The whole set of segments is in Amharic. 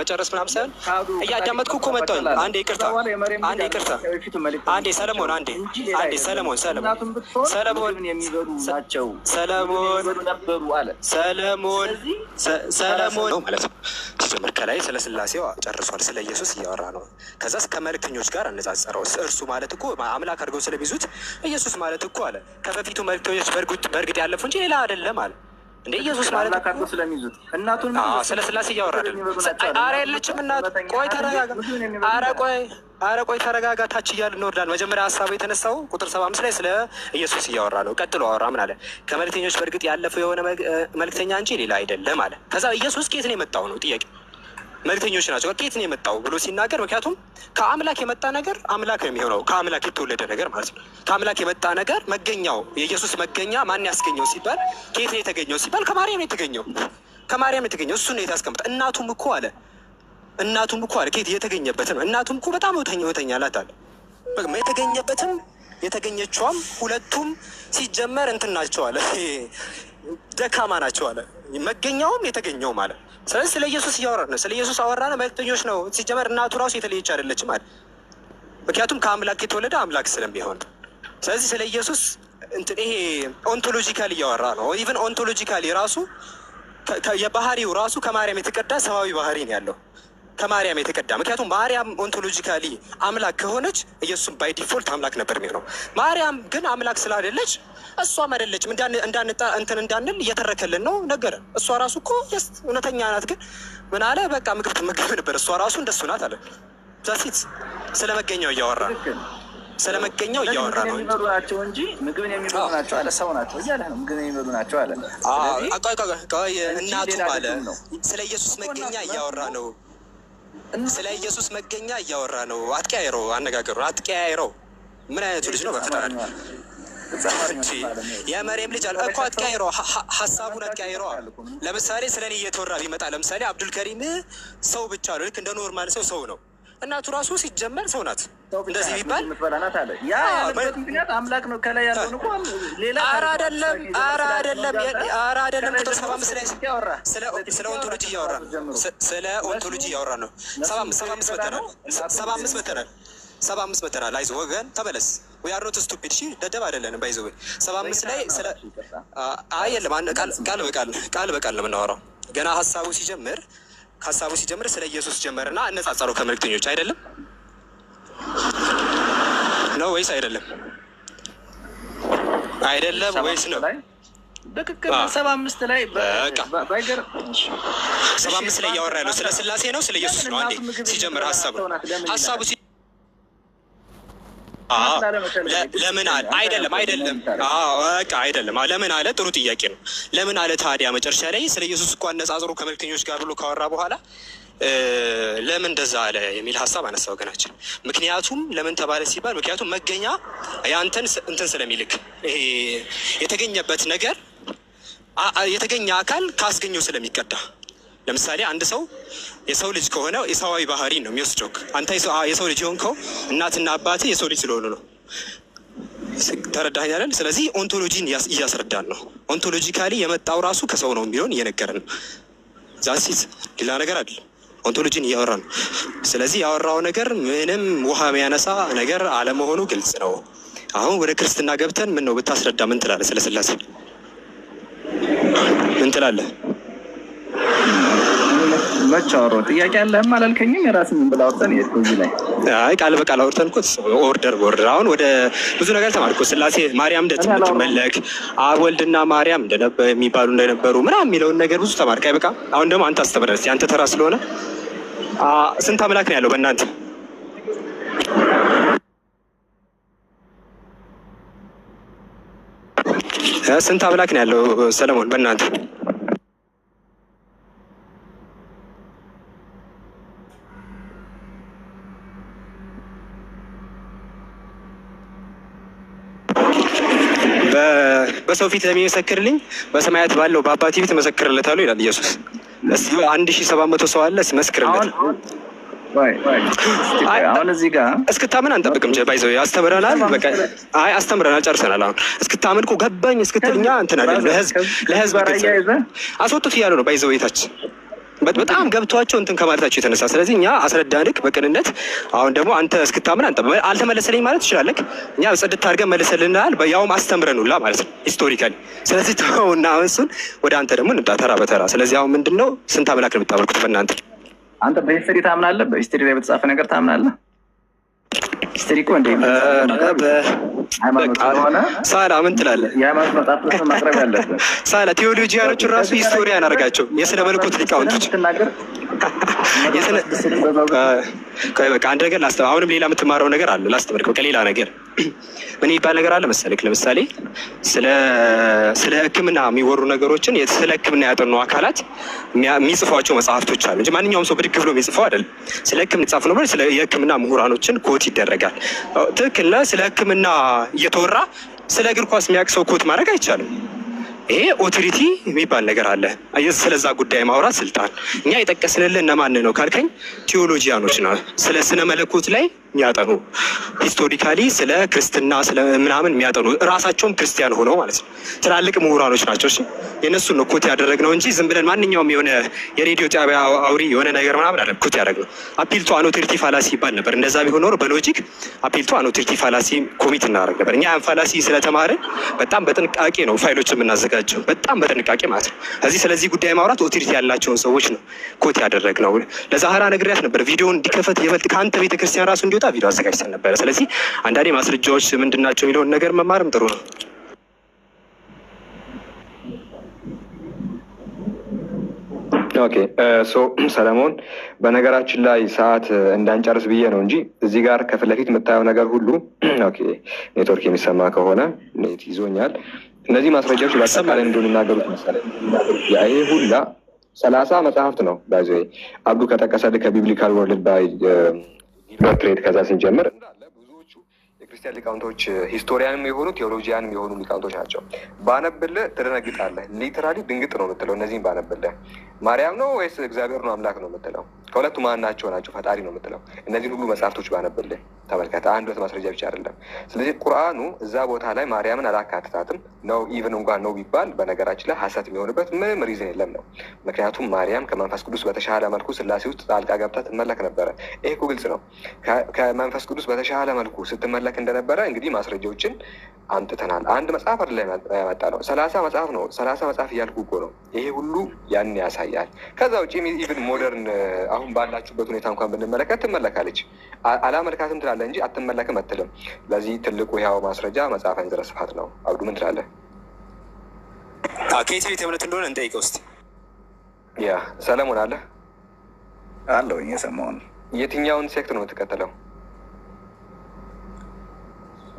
መጨረስ ምናምን ሳይሆን እያዳመጥኩ እኮ መጣሁኝ። አንዴ ይቅርታ፣ አንዴ ይቅርታ፣ አንዴ ሰለሞን፣ አንዴ አንዴ ሰለሞን፣ ሰለሞን፣ ሰለሞን፣ ማለት ነው። ሲጀምር ከላይ ስለ ስላሴዋ ጨርሷል። ስለ ኢየሱስ እያወራ ነው። ከዛ እስከ ጋር አነጻጸረው። እርሱ ማለት እኮ አምላክ አድርገው ስለሚይዙት ኢየሱስ ማለት እኮ አለ ከበፊቱ መልእክተኞች በእርግጥ ያለፉ እንጂ ሌላ አይደለም አለ እንደ ኢየሱስ ማለት እናቱን ስለ ስላሴ እያወራደ አረ የለችም እናት ቆይ ተረጋጋ። አረ ቆይ አረ ቆይ ተረጋጋ። ታች እያልን እንወርዳለን። መጀመሪያ ሀሳቡ የተነሳው ቁጥር ሰባ አምስት ላይ ስለ ኢየሱስ እያወራ ነው። ቀጥሎ አወራ ምን አለ? ከመልክተኞች በእርግጥ ያለፈው የሆነ መልክተኛ እንጂ ሌላ አይደለም አለ። ከዛ ኢየሱስ ከየት ነው የመጣው ነው ጥያቄ መልእክተኞች ናቸው። ከየት ነው የመጣው ብሎ ሲናገር፣ ምክንያቱም ከአምላክ የመጣ ነገር አምላክ ነው የሚሆነው። ከአምላክ የተወለደ ነገር ማለት ነው። ከአምላክ የመጣ ነገር መገኛው የኢየሱስ መገኛ ማን ያስገኘው ሲባል፣ ከየት ነው የተገኘው ሲባል፣ ከማርያም የተገኘው። ከማርያም የተገኘው እሱ ነው የታስቀምጠ እናቱም እኮ አለ እናቱም እኮ አለ ከየት የተገኘበት ነው። እናቱም እኮ በጣም እውተኛ እውተኛ አላት አለ በቃ የተገኘበትም የተገኘችዋም ሁለቱም ሲጀመር እንትን ናቸው አለ ደካማ ናቸው አለ። መገኛውም የተገኘው ማለት ስለዚህ ስለ ኢየሱስ እያወራ ነው። ስለ ኢየሱስ ነው መልክተኞች ነው። ሲጀመር እናቱ ራሱ የተለየች አይደለችም አለ። ምክንያቱም ከአምላክ የተወለደ አምላክ ስለሚሆን ስለዚህ ስለ ኢየሱስ ይሄ ኦንቶሎጂካል እያወራ ነው። ኢቨን ኦንቶሎጂካሊ ራሱ የባህሪው ራሱ ከማርያም የተቀዳ ሰብአዊ ባህሪ ነው ያለው። ከማርያም የተቀዳ ምክንያቱም ማርያም ኦንቶሎጂካሊ አምላክ ከሆነች ኢየሱስም ባይ ዲፎልት አምላክ ነበር የሚሆነው። ማርያም ግን አምላክ ስላደለች እሷም አደለችም እንዳንጣ እንትን እንዳንል እየተረከልን ነው ነገር እሷ ራሱ እኮ እውነተኛ ናት። ግን ምን አለ በቃ ምግብ ትመገብ ነበር እሷ ራሱ እንደሱ ናት አለ። ዛሲት ስለ እያወራ ነው እያወራ ነው ናቸው እንጂ ምግብን የሚበሉ ናቸው አለ። ሰው ናቸው እያለ ነው። ምግብን የሚበሉ ናቸው አለ። እናቱ አለ። ስለ ኢየሱስ መገኛ እያወራ ነው ስለ ኢየሱስ መገኛ እያወራ ነው። አትቀያይሮ አነጋገሩ አትቀያይሮ። ምን አይነቱ ልጅ ነው? በፍጣሪ የመሬም ልጅ አለ እኮ አትቀያይሮ፣ ሀሳቡን አትቀያይሮ። ለምሳሌ ስለ እኔ እየተወራ ቢመጣ ለምሳሌ አብዱልከሪም ሰው ብቻ ነው። ልክ እንደ ኖርማል ሰው ሰው ነው እናቱ ራሱ ሲጀመር ሰው ናት። እንደዚህ ቢባል ምክንያት አምላክ ነው ከላይ ያለውን እኮ ሌላ ኧረ አይደለም ኧረ አይደለም ኧረ አይደለም። ቁጥር ሰባ አምስት ላይ ስለ ኦንቶሎጂ እያወራ ስለ ኦንቶሎጂ እያወራ ነው። ሰባ አምስት መተናል ሰባ አምስት መተናል ሰባ አምስት መተናል። አይዞህ ወገን ተመለስ። ያሮት ስቱፒድ ሺ ደደብ አይደለንም። ባይዘ ሰባ አምስት ላይ ስለ የለም ቃል በቃል ቃል በቃል ነው የምናወራው ገና ሀሳቡ ሲጀምር ከሀሳቡ ሲጀምር ስለ ኢየሱስ ጀመረና አነጻጸረው ከመልክተኞች አይደለም ነው ወይስ አይደለም? አይደለም ወይስ ነው? በትክክል ሰባ አምስት ላይ ባይገር ሰባ አምስት ላይ እያወራ ያለው ስለ ስላሴ ነው፣ ስለ ኢየሱስ ነው። አንዴ ሲጀምር ሀሳቡ ሀሳቡ ለምን አለ? አይደለም አይደለም፣ በቃ አይደለም። ለምን አለ? ጥሩ ጥያቄ ነው። ለምን አለ ታዲያ? መጨረሻ ላይ ስለ ኢየሱስ እኮ አነጻጽሮ ከመልክተኞች ጋር ብሎ ካወራ በኋላ ለምን እንደዛ አለ የሚል ሀሳብ አነሳ ወገናችን። ምክንያቱም ለምን ተባለ ሲባል ምክንያቱም መገኛ ያንተን እንትን ስለሚልክ የተገኘበት ነገር የተገኘ አካል ካስገኘው ስለሚቀዳ ለምሳሌ አንድ ሰው የሰው ልጅ ከሆነ የሰዋዊ ባህሪ ነው የሚወስደው። አንተ የሰው ልጅ የሆንከው እናትና አባት የሰው ልጅ ስለሆኑ ነው። ተረዳኛለን። ስለዚህ ኦንቶሎጂን እያስረዳን ነው። ኦንቶሎጂካሊ የመጣው ራሱ ከሰው ነው የሚለውን እየነገርን ነው። ዛሲት ሌላ ነገር አይደለም። ኦንቶሎጂን እያወራ ነው። ስለዚህ ያወራው ነገር ምንም ውሃ የሚያነሳ ነገር አለመሆኑ ግልጽ ነው። አሁን ወደ ክርስትና ገብተን ምን ነው ብታስረዳ ምን ትላለህ? ስለ ስላሴ ምን ትላለህ? ብላችሁ አወራሁ። ጥያቄ አለህም አላልከኝም። የራስን ብላ አውርተን የሄድኩ እዚህ ላይ አይ ቃል በቃል አውርተን እኮ ኦርደር በኦርደር አሁን ወደ ብዙ ነገር ተማርኩ። ስላሴ ማርያም እንደምትመለክ አብ ወልድና ማርያም የሚባሉ እንደነበሩ ምናምን የሚለውን ነገር ብዙ ተማርክ። አይ በቃ አሁን ደግሞ አንተ አስተምረን እስኪ አንተ ተራ ስለሆነ ስንት አምላክ ነው ያለው በእናንተ? ስንት አምላክ ነው ያለው ሰለሞን በእናንተ? በሰው ፊት ለሚመሰክርልኝ በሰማያት ባለው በአባቴ ፊት እመሰክርለታለሁ ይላል ኢየሱስ። አንድ ሺህ ሰባት መቶ ሰው አለ መስክርለት። አሁን እዚህ ጋር እስክታምን አንጠብቅም። ባይዘው አስተምረናል። አይ አስተምረናል፣ ጨርሰናል። አሁን እስክታምን እኮ ገባኝ እስክትልኛ እንትን አለ ለህዝብ ለህዝብ አስወጡት እያሉ ነው ባይዘው ቤታችን በጣም ገብቷቸው እንትን ከማለታቸው የተነሳ ስለዚህ እኛ አስረዳንክ በቅንነት። አሁን ደግሞ አንተ እስክታምን አንተ አልተመለሰልኝ ማለት ትችላለህ። እኛ ጽድት አድርገን መልሰልናል፣ ያውም አስተምረኑላ ማለት ነው ሂስቶሪካሊ። ስለዚህ ተውና አሁን እሱን ወደ አንተ ደግሞ እንምጣ ተራ በተራ። ስለዚህ አሁን ምንድን ነው ስንት አምላክ ነው የምታመልኩት በእናንተ? አንተ በሂስትሪ ታምናለህ? በሂስትሪ ላይ በተጻፈ ነገር ታምናለህ? ሳላ ምን ትላለህ? ሳላ ቴዎሎጂያኖቹን ራሱ ሂስቶሪያን አናርጋቸው የስነ መልኮት ሊቃውንቶች አንድ ነገር ላስተምር። አሁንም ሌላ የምትማረው ነገር አለ ላስተምር፣ ከሌላ ነገር ምን ይባል ነገር አለ መሰለክ? ለምሳሌ ስለ ሕክምና የሚወሩ ነገሮችን ስለ ሕክምና ያጠኑ አካላት የሚጽፏቸው መጽሐፍቶች አሉ እንጂ ማንኛውም ሰው ብድግ ብሎ የሚጽፈው አይደለም። ስለ ሕክምና የተጻፉ ነው። ስለ የሕክምና ምሁራኖችን ኮት ይደረጋል። ትክክልና ስለ ሕክምና እየተወራ ስለ እግር ኳስ የሚያውቅ ኮት ማድረግ አይቻልም። ይሄ ኦቶሪቲ የሚባል ነገር አለ። ስለዛ ጉዳይ ማውራት ስልጣን። እኛ የጠቀስንልህ እነማን ነው ካልከኝ ቴዎሎጂያኖች ነው ስለ ስነ መለኮት ላይ የሚያጠኑ ሂስቶሪካሊ ስለ ክርስትና ስለ ምናምን የሚያጠኑ እራሳቸውም ክርስቲያን ሆነው ማለት ነው። ትላልቅ ምሁራኖች ናቸው። እሺ የእነሱን ነው ኮት ያደረግነው እንጂ ዝም ብለን ማንኛውም የሆነ የሬዲዮ ጣቢያ አውሪ የሆነ ነገር ምናምን አለ ኮት ያደረግነው። አፒልቶ አኖቴሪቲ ፋላሲ ይባል ነበር። እንደዛ ቢሆን ኖሮ በሎጂክ አፒልቶ አኖቴሪቲ ፋላሲ ኮሚት እናደርግ ነበር። እኛ ያን ፋላሲ ስለተማረ በጣም በጥንቃቄ ነው ፋይሎች የምናዘጋጀው፣ በጣም በጥንቃቄ ማለት ነው። እዚህ ስለዚህ ጉዳይ ማውራት ኦቴሪቲ ያላቸውን ሰዎች ነው ኮት ያደረግነው። ለዛህራ ነግሪያት ነበር ቪዲዮን እንዲከፈት የበልጥ ከአንተ ቤተክርስቲያን ራሱ እንዲወ ስንመጣ ቪዲዮ አዘጋጅተን ነበረ። ስለዚህ አንዳንዴ ማስረጃዎች ምንድን ናቸው የሚለውን ነገር መማርም ጥሩ ነው። ኦኬ ሶ ሰለሞን፣ በነገራችን ላይ ሰዓት እንዳንጨርስ ብዬ ነው እንጂ እዚህ ጋር ከፊት ለፊት የምታየው ነገር ሁሉ ኔትወርክ የሚሰማ ከሆነ ኔት ይዞኛል። እነዚህ ማስረጃዎች በአጠቃላይ እንደሆነ የሚናገሩት መሰለኝ ይሄ ሁላ ሰላሳ መጽሐፍት ነው ባይዘ አብዱ ከጠቀሰልህ ከቢብሊካል ወርልድ ባይ ዶክትሬት ከዛ ስንጀምር ክርስቲያን ሊቃውንቶች ሂስቶሪያንም የሆኑ ቴዎሎጂያንም የሆኑ ሊቃውንቶች ናቸው። ባነብልህ ትደነግጣለህ። ሊትራሊ ድንግጥ ነው የምትለው። እነዚህም ባነብልህ ማርያም ነው ወይስ እግዚአብሔር ነው አምላክ ነው የምትለው? ከሁለቱ ማናቸው ናቸው ፈጣሪ ነው የምትለው? እነዚህን ሁሉ መጽሐፍቶች ባነብልህ ተመልከተ። አንድ ሁለት ማስረጃ ብቻ አይደለም። ስለዚህ ቁርአኑ እዛ ቦታ ላይ ማርያምን አላካትታትም ነው። ኢቨን እንኳን ነው ቢባል በነገራችን ላይ ሀሰት የሚሆንበት ምንም ሪዝን የለም ነው። ምክንያቱም ማርያም ከመንፈስ ቅዱስ በተሻለ መልኩ ስላሴ ውስጥ ጣልቃ ገብታ ትመለክ ነበረ። ይሄ እኮ ግልጽ ነው። ከመንፈስ ቅዱስ በተሻለ መልኩ ስትመለክ እንደነበረ እንግዲህ ማስረጃዎችን አምጥተናል። አንድ መጽሐፍ አይደለም ያመጣ ነው፣ ሰላሳ መጽሐፍ ነው። ሰላሳ መጽሐፍ እያልኩ እኮ ነው። ይሄ ሁሉ ያን ያሳያል። ከዛ ውጭ ኢቭን ሞደርን አሁን ባላችሁበት ሁኔታ እንኳን ብንመለከት ትመለካለች። አላመልካትም ትላለ እንጂ አትመለክም አትልም። ለዚህ ትልቁ ያው ማስረጃ መጽሐፍ እንዝረ ስፋት ነው። አብዱ ምን ትላለ? ከየት ቤት እምነት እንደሆነ እንጠይቀ ውስጥ ያ ሰለሞን አለ አለው የሰማውን የትኛውን ሴክት ነው የምትከተለው?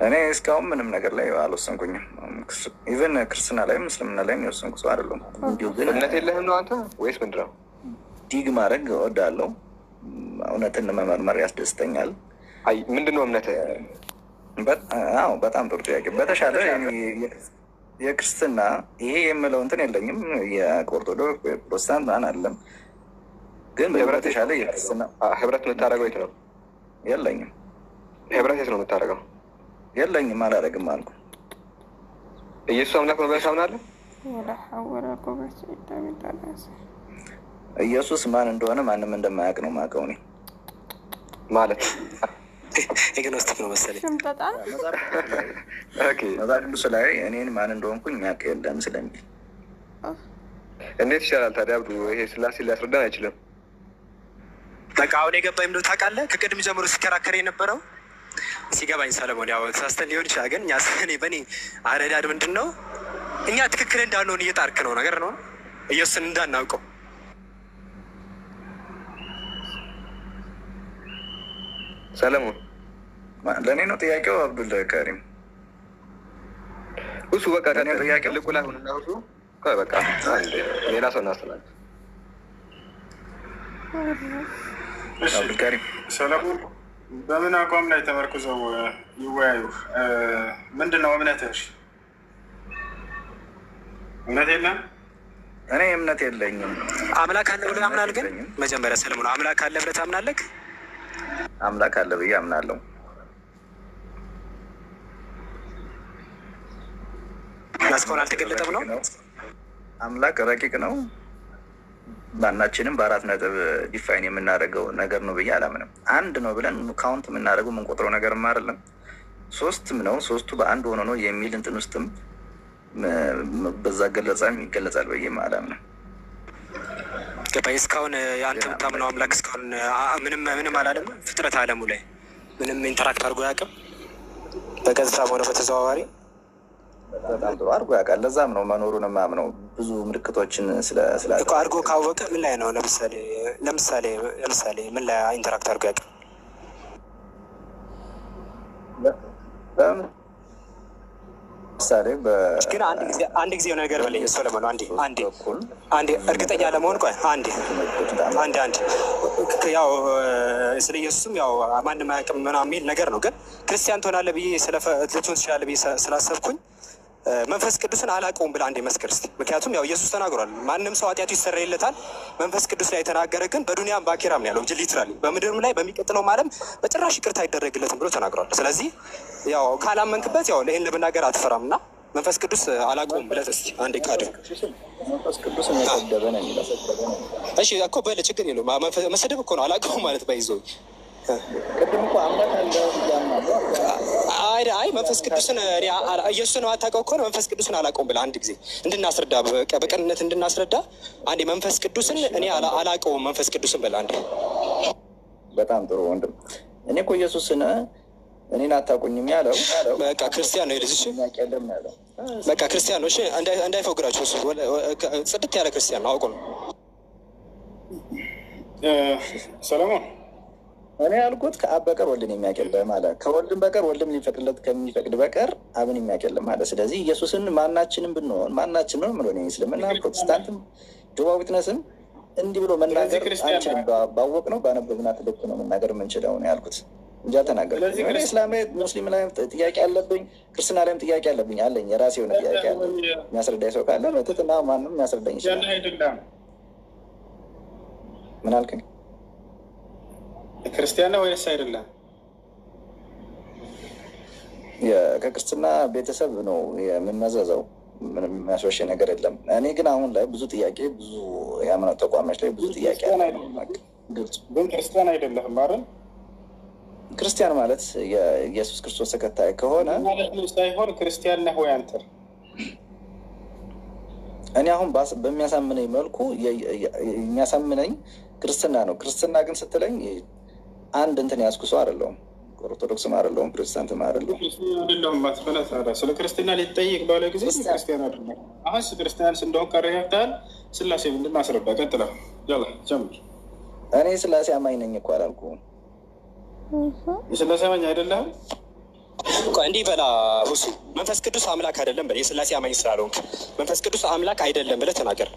እኔ እስካሁን ምንም ነገር ላይ አልወሰንኩኝም። ኢቨን ክርስትና ላይም እስልምና ላይም የወሰንኩ ሰው አይደለም። እንዲሁ እምነት የለህም ነው አንተ ወይስ ምንድን ነው? ዲግ ማድረግ እወዳለሁ። እውነትን መመርመር ያስደስተኛል። አይ ምንድን ነው እምነት? በጣም ጥሩ ጥያቄ። በተሻለ የክርስትና ይሄ የምለው እንትን የለኝም። የኦርቶዶክስ ፕሮቴስታንት ማን አለም ግን በተሻለ የክርስትና ህብረት የምታደርገው የት ነው? የለኝም። ህብረት የት ነው የምታደርገው? የለኝም አላደርግም አልኩ። ኢየሱስ አምላክ ነው ብለሽ አምናለሁ። ኢየሱስ ማን እንደሆነ ማንም እንደማያውቅ ነው የማውቀው እኔ ማለት ግኖስቲክ ነው መሰለኝ። መጽሐፍ ቅዱስ ላይ እኔን ማን እንደሆንኩኝ የሚያውቅ የለም ስለሚል እንዴት ይሻላል ታዲያ? አብዱ ይሄ ስላሴ ሊያስረዳን አይችልም። በቃ አሁን የገባኝ ምንድን ታውቃለህ? ከቅድም ጀምሮ ሲከራከር የነበረው ሲገባኝ ሰለሞን ያው ተሳስተን ሊሆን ይችላል፣ ግን እኛ እኔ በእኔ አረዳድ ምንድን ነው እኛ ትክክል እንዳልሆን እየጣርክ ነው ነገር ነው ኢየሱስን እንዳናውቀው ሰለሞን ለእኔ ነው ጥያቄው። አብዱል ከሪም እሱ በቃ ከኔ ጥያቄ ልቁ ላይ ሆንና እሱ በቃ ሌላ ሰው እናስተላል። አብዱል ከሪም ሰለሞን በምን አቋም ላይ ተመርኩዘው ይወያዩ? ምንድን ነው እምነትሽ? እምነት የለም። እኔ እምነት የለኝም። አምላክ አለ ብለህ አምናል? ግን መጀመሪያ ሰለሞን አምላክ አለ ብለህ ታምናለህ? አምላክ አለ ብዬ አምናለሁ። እስካሁን አልተገለጠም ነው። አምላክ ረቂቅ ነው። ማናችንም በአራት ነጥብ ዲፋይን የምናደርገው ነገር ነው ብዬ አላምንም። አንድ ነው ብለን ካውንት የምናደርገው የምንቆጥረው ነገርም አይደለም። ሶስትም ነው ሶስቱ በአንድ ሆኖ ነው የሚል እንትን ውስጥም በዛ ገለጻም ይገለጻል ብዬ አላምንም። ገባይ እስካሁን የአንተ ምታምነው አምላክ እስካሁን ምንም ምንም አላለም። ፍጥረት አለሙ ላይ ምንም ኢንተራክት አድርጎ አያውቅም በቀጥታም በሆነ በተዘዋዋሪ በጣም ጥሩ አድርጎ ያውቃል። ለዛም ነው መኖሩን ማምነው ብዙ ምልክቶችን ስላእኮ አድርጎ ካወቀ ምን ላይ ነው ለምሳሌ ለምሳሌ ለምሳሌ ምን ላይ ኢንተራክት አድርጎ ያውቃል? ግን አንድ ጊዜ አንድ ጊዜ የሆነ ነገር በለኝ ሶለሞን፣ አንዴ አንዴ አንዴ እርግጠኛ ለመሆን ቆይ አንዴ አንዴ አንድ ያው ስለ ኢየሱስም ያው ማንም አያውቅም ምናምን የሚል ነገር ነው። ግን ክርስቲያን ትሆናለህ ብዬ ልትሆን ትችላለህ ብዬ ስላሰብኩኝ መንፈስ ቅዱስን አላውቀውም ብላ አንዴ መስክር እስቲ። ምክንያቱም ያው ኢየሱስ ተናግሯል፣ ማንም ሰው ኃጢአቱ ይሰረይለታል። መንፈስ ቅዱስ ላይ የተናገረ ግን በዱኒያም በአኬራም ያለው እንጂ ሊትራሊ በምድርም ላይ በሚቀጥለው ዓለም በጭራሽ ይቅርታ አይደረግለትም ብሎ ተናግሯል። ስለዚህ ያው ካላመንክበት ያው ይህን ለመናገር አትፈራም እና መንፈስ ቅዱስ አላውቀውም ብለህ እስቲ አንዴ ቃድ እሺ እኮ በል ችግር የለውም መሰደብ እኮ ነው አላውቀውም ማለት ባይዞ አይ መንፈስ ቅዱስን ኢየሱስን የማታውቀው ከሆነ መንፈስ ቅዱስን አላውቀውም ብለህ አንድ ጊዜ እንድናስረዳ በቅንነት እንድናስረዳ አንዴ መንፈስ ቅዱስን እኔ አላውቀውም መንፈስ ቅዱስን ብለህ አንዴ። በጣም ጥሩ ወንድም። እኔ እኮ ኢየሱስን እኔን አታውቁኝም ያለው በቃ ክርስቲያን ነው በቃ ክርስቲያን ነው። እንዳይፈግራቸው ጽድት ያለ ክርስቲያን ነው አውቁ ነው ሰለሞን እኔ ያልኩት ከአብ በቀር ወልድን የሚያቀልም አለ። ከወልድም በቀር ወልድም ሊፈቅድለት ከሚፈቅድ በቀር አብን የሚያቀልም አለ። ስለዚህ ኢየሱስን ማናችንም ብንሆን ነው ምሎ እስልምና፣ ፕሮቴስታንትም፣ ጆባ ዊትነስም እንዲህ ብሎ መናገር አንችልም። ባወቅ ነው ባነበብና ትልክ ነው መናገር የምንችለው ነው ያልኩት እንጂ አልተናገርኩም። እስላም ሙስሊም ላይም ጥያቄ አለብኝ፣ ክርስትና ላይም ጥያቄ አለብኝ አለኝ። የራሴ የሆነ ጥያቄ አለ። የሚያስረዳኝ ሰው ካለ በትትና ማንም የሚያስረዳኝ ይችላል። ምን አልከኝ? ክርስቲያን ወይስ አይደለም? ከክርስትና ቤተሰብ ነው የምመዘዘው። ምንም የሚያስወሽ ነገር የለም። እኔ ግን አሁን ላይ ብዙ ጥያቄ ብዙ የእምነት ተቋማች ላይ ብዙ ጥያቄ ግን ክርስቲያን አይደለህም አይደል? ክርስቲያን ማለት የኢየሱስ ክርስቶስ ተከታይ ከሆነ ሳይሆን ክርስቲያን ነህ ወይ አንተ? እኔ አሁን በሚያሳምነኝ መልኩ የሚያሳምነኝ ክርስትና ነው። ክርስትና ግን ስትለኝ አንድ እንትን ያስኩ ሰው አይደለሁም። ኦርቶዶክስም አይደለሁም፣ ፕሮቴስታንትም አይደለሁም። አይደለሁም ስለ ክርስትና ሊጠይቅ ባለ ጊዜ ክርስቲያን አይደለም። አሁን ክርስቲያን እንደሆን ቀረታል። ስላሴ ምንድን አስረዳ። ቀጥላ ጀምር። እኔ ስላሴ አማኝ ነኝ እኮ አላልኩም። የስላሴ አማኝ አይደለም እንዲህ በላ ሁሱ መንፈስ ቅዱስ አምላክ አይደለም በ የስላሴ አማኝ ስላልሆንክ መንፈስ ቅዱስ አምላክ አይደለም ብለህ ተናገር።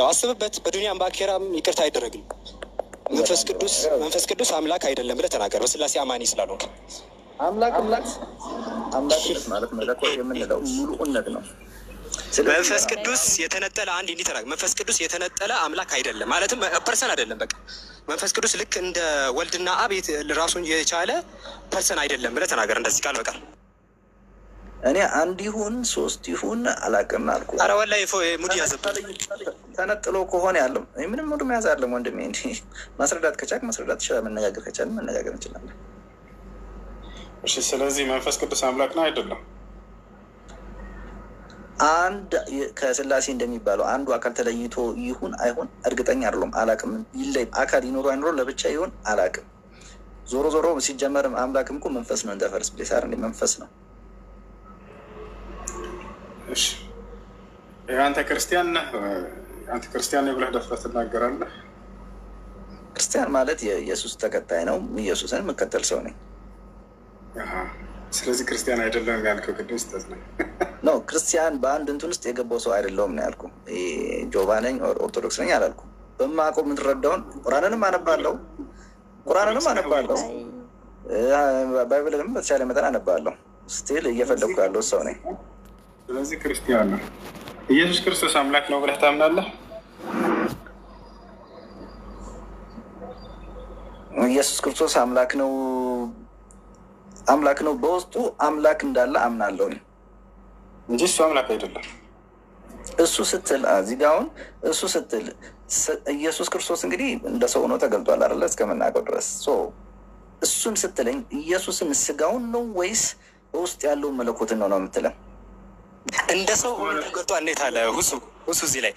ያው አስብበት። በዱኒያም በአኬራም ይቅርታ አይደረግም። መንፈስ ቅዱስ መንፈስ ቅዱስ አምላክ አይደለም ብለህ ተናገር። በስላሴ አማኒ ስላልሆንክ አምላክ አምላክ አምላክ ማለት መለኮት የምንለው ሙሉነት ነው። መንፈስ ቅዱስ የተነጠለ አንድ እንዲህ ተናገር። መንፈስ ቅዱስ የተነጠለ አምላክ አይደለም ማለትም ፐርሰን አይደለም። በቃ መንፈስ ቅዱስ ልክ እንደ ወልድና አብ ራሱን የቻለ ፐርሰን አይደለም ብለህ ተናገር። እንደዚህ ቃል በቃል እኔ አንድ ይሁን ሶስት ይሁን አላቅም አልኩ። ኧረ ወላሂ ሙድ ያዘብኝ ተነጥሎ ከሆነ ያለው ምንም ሙድ መያዝ አለም ወንድሜ። ማስረዳት ከቻልክ ማስረዳት ይችላል። መነጋገር ከቻልን መነጋገር እንችላለን። እሺ፣ ስለዚህ መንፈስ ቅዱስ አምላክ ነው አይደለም? አንድ ከስላሴ እንደሚባለው አንዱ አካል ተለይቶ ይሁን አይሁን እርግጠኛ አይደለም፣ አላቅም። ይለይ አካል ይኖሩ አይኖሩ ለብቻ ይሁን አላቅም። ዞሮ ዞሮ ሲጀመርም አምላክም እኮ መንፈስ ነው። እንደፈርስ ፈርስ ፕሌሳር መንፈስ ነው። አንተ ክርስቲያን ነህ፣ አንተ ክርስቲያን ነህ ብለህ ደፍረህ ትናገራለህ። ክርስቲያን ማለት የኢየሱስ ተከታይ ነው፣ ኢየሱስን የምከተል ሰው ነኝ። ስለዚህ ክርስቲያን አይደለም ያልከው ቅድም ስህተት ነው። ኖ ክርስቲያን በአንድ እንትን ውስጥ የገባው ሰው አይደለውም ነው ያልኩ። ጆባ ነኝ፣ ኦርቶዶክስ ነኝ አላልኩ። በማቆ የምትረዳውን ቁራንንም አነባለው ቁራንንም አነባለው ባይብልንም በተቻለ መጠን አነባለው ስቲል እየፈለግኩ ያለው ሰው ነኝ። ስለዚህ ክርስቲያን ነው። ኢየሱስ ክርስቶስ አምላክ ነው ብለህ ታምናለህ? ኢየሱስ ክርስቶስ አምላክ ነው አምላክ ነው በውስጡ አምላክ እንዳለ አምናለሁ እንጂ እሱ አምላክ አይደለም። እሱ ስትል እዚህ ጋ አሁን እሱ ስትል ኢየሱስ ክርስቶስ እንግዲህ እንደ ሰው ነው ተገልጧል አለ እስከምናውቀው ድረስ እሱን ስትለኝ ኢየሱስን ስጋውን ነው ወይስ በውስጥ ያለውን መለኮትን ነው ነው የምትለን? እንደ ሰው ሆኖ ተገልጧል። እንዴት አለ ሁሱ ሁሱ እዚህ ላይ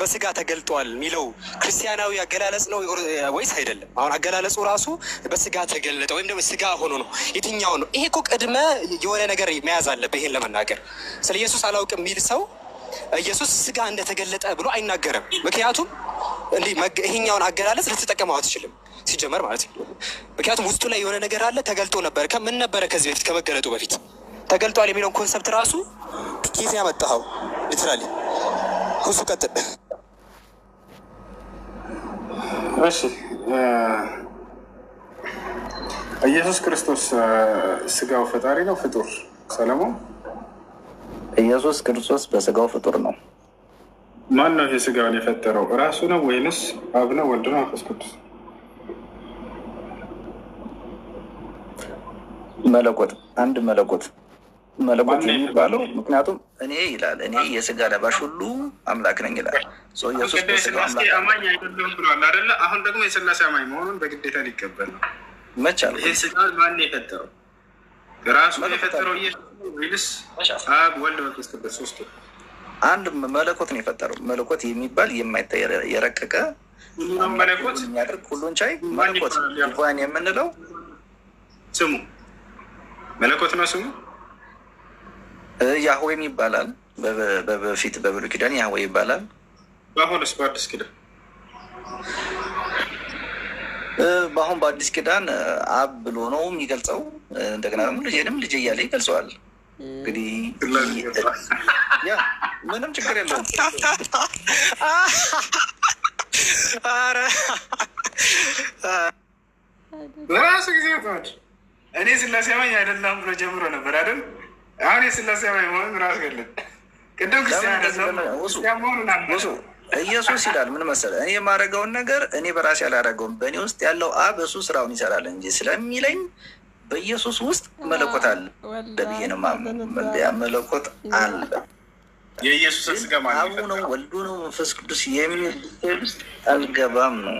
በስጋ ተገልጧል የሚለው ክርስቲያናዊ አገላለጽ ነው ወይስ አይደለም? አሁን አገላለጹ ራሱ በስጋ ተገለጠ ወይም ደግሞ ስጋ ሆኖ ነው የትኛው ነው? ይሄ እኮ ቅድመ የሆነ ነገር መያዝ አለብህ። ይሄን ለመናገር ስለ ኢየሱስ አላውቅም የሚል ሰው ኢየሱስ ስጋ እንደተገለጠ ብሎ አይናገርም። ምክንያቱም እንዲህ ይሄኛውን አገላለጽ ልትጠቀመው አትችልም ሲጀመር ማለት ነው። ምክንያቱም ውስጡ ላይ የሆነ ነገር አለ። ተገልጦ ነበረ። ከምን ነበረ? ከዚህ በፊት ከመገለጡ በፊት ተገልጧል የሚለውን ኮንሰፕት ራሱ ኬት ያመጣኸው? ሊትራሊ እሱ ቀጥል። እሺ ኢየሱስ ክርስቶስ ስጋው ፈጣሪ ነው ፍጡር? ሰለሞን ኢየሱስ ክርስቶስ በስጋው ፍጡር ነው። ማን ነው ይህ ስጋውን የፈጠረው? ራሱ ነው ወይንስ አብ ነው ወልድ ነው መንፈስ ቅዱስ? መለኮት አንድ መለኮት መለኮት የሚባለው ምክንያቱም እኔ ይላል እኔ የስጋ ለባሽ ሁሉ አምላክ ነኝ ይላል። ኢየሱስ በስጋ አማኝ አይደለም ብሏል አይደለ? አሁን ደግሞ የስላሴ አማኝ መሆኑን በግዴታ ሊቀበል ነው። መቻል ይህ ስጋ ማን የፈጠረው? ራሱ የፈጠረው ኢየሱስ አብ፣ ወልድ፣ መንፈስ ቅዱስ ሶስቱ አንድ መለኮት ነው የፈጠረው። መለኮት የሚባል የማይታይ የረቀቀ መለኮት የሚያደርግ ሁሉን ቻይ መለኮት ዲቫይን የምንለው ስሙ መለኮት ነው ስሙ ያህዌም ይባላል። በፊት በብሉይ ኪዳን ያህዌ ይባላል። በአሁንስ በአዲስ ኪዳን በአሁን በአዲስ ኪዳን አብ ብሎ ነው የሚገልጸው። እንደገና ደግሞ ልጄንም ልጄ እያለ ይገልጸዋል። እንግዲህ ምንም ችግር የለውም። ራሱ ጊዜ እኔ ስላሴማኝ አይደለም ብሎ ጀምሮ ነበር አይደል አሁን የስላሴ መሆን ራስ ገለጥ ቅድም ክርስቲያን መሆኑን ኢየሱስ ይላል ምን መሰለህ፣ እኔ የማደርገውን ነገር እኔ በራሴ አላደርገውም፣ በእኔ ውስጥ ያለው አብ እሱ ስራውን ይሰራል እንጂ ስለሚለኝ በኢየሱስ ውስጥ መለኮት አለ ብዬ ነው መለኮት አለ። የኢየሱስን ስጋ አቡ ነው ወልዱ ነው መንፈስ ቅዱስ የሚል ውስጥ አልገባም ነው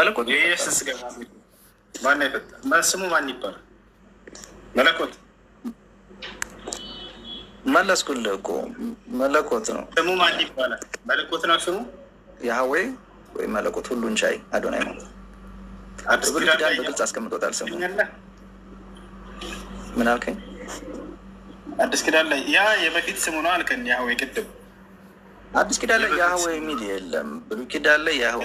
መለኮት የኢየሱስ ስጋ ማን ስሙ ማን ይባላል መለኮት መለስኩልህ እኮ መለኮት ነው ስሙ። ማን ይባላል? መለኮት ነው ስሙ። ያህዌ ወይ መለኮት ሁሉን ቻይ አዶናይ ነው። ብሉይ በግልጽ አስቀምጦታል ስሙ። ምን አልከኝ? አዲስ ኪዳን ላይ ያ የበፊት ስሙ ነው አልከን። ያህዌ ቅድም አዲስ ኪዳን ላይ ያህዌ የሚል የለም። ብሉይ ኪዳን ላይ ያህዌ